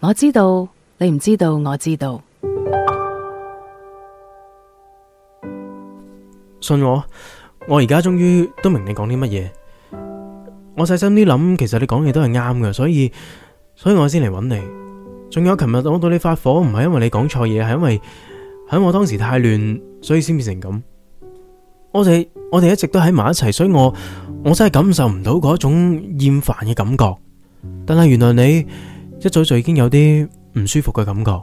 我知道你唔知道，我知道。信我，我而家終於都明你講啲乜嘢。我細心啲諗，其實你講嘢都係啱嘅，所以所以我先嚟揾你。仲有，琴日我對你發火，唔係因為你講錯嘢，係因為喺我當時太亂，所以先變成咁。我哋我哋一直都喺埋一齊，所以我我真係感受唔到嗰一種厭煩嘅感覺。但係原來你。一早就已經有啲唔舒服嘅感覺，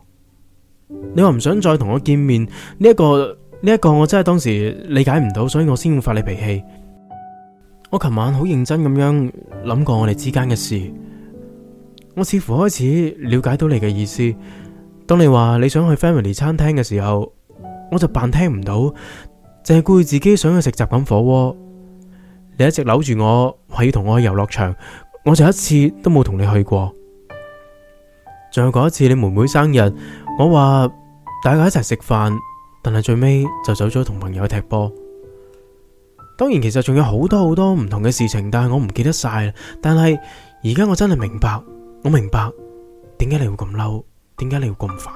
你話唔想再同我見面呢一個呢一個我真係當時理解唔到，所以我先會發你脾氣。我琴晚好認真咁樣諗過我哋之間嘅事，我似乎開始了解到你嘅意思。當你話你想去 Family 餐廳嘅時候，我就扮聽唔到，淨係顧住自己想去食雜品火鍋。你一直扭住我，話要同我去遊樂場，我就一次都冇同你去過。仲有嗰一次你妹妹生日，我話大家一齊食飯，但係最尾就走咗同朋友踢波。當然，其實仲有好多好多唔同嘅事情，但係我唔記得晒。但係而家我真係明白，我明白點解你會咁嬲，點解你會咁煩。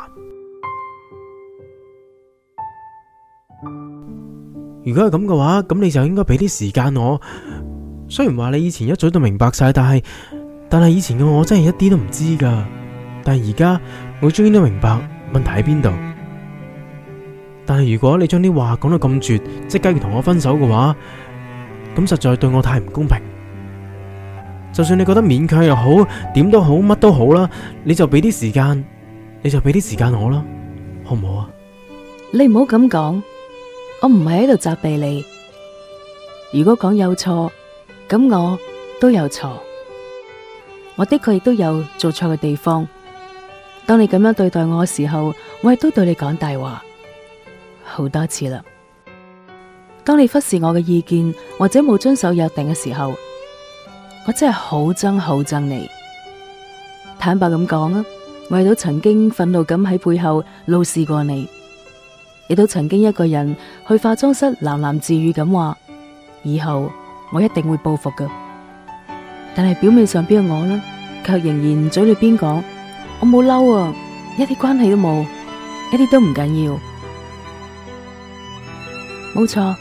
如果係咁嘅話，咁你就應該俾啲時間我。雖然話你以前一早都明白晒，但係但係以前嘅我真係一啲都唔知噶。但而家我終於都明白問題喺邊度。但係如果你將啲話講到咁絕，即刻要同我分手嘅話，咁實在對我太唔公平。就算你覺得勉強又好，點都好，乜都好啦，你就俾啲時間，你就俾啲時間我啦，好唔好啊？你唔好咁講，我唔係喺度責備你。如果講有錯，咁我都有錯，我的確亦都有做錯嘅地方。當你咁樣對待我嘅時候，我亦都對你講大話好多次啦。當你忽視我嘅意見或者冇遵守約定嘅時候，我真係好憎好憎你。坦白咁講啊，我亦都曾經憤怒咁喺背後怒視過你，亦都曾經一個人去化妝室喃喃自語咁話：以後我一定會報復嘅。但係表面上邊嘅我呢，卻仍然嘴裏邊講。我冇嬲啊，一啲關係都冇，一啲都唔緊要。冇錯，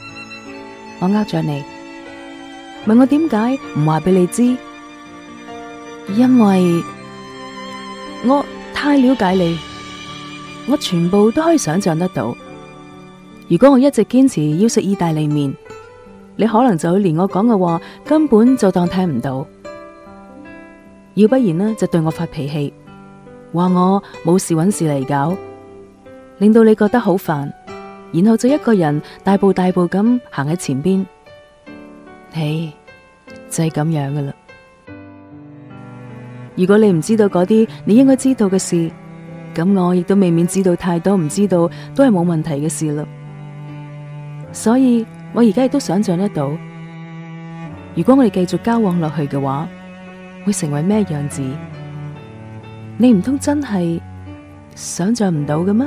我呃咗你。問我點解唔話俾你知？因為我太了解你，我全部都可以想象得到。如果我一直堅持要食意大利麵，你可能就會連我講嘅話根本就當聽唔到，要不然呢，就對我發脾氣。話我冇事揾事嚟搞，令到你覺得好煩，然後就一個人大步大步咁行喺前邊，唉，就係咁樣嘅啦。如果你唔知道嗰啲你應該知道嘅事，咁我亦都未免知道太多唔知道都係冇問題嘅事嘞。所以我而家亦都想象得到，如果我哋繼續交往落去嘅話，會成為咩樣子？你唔通真係想象唔到嘅咩？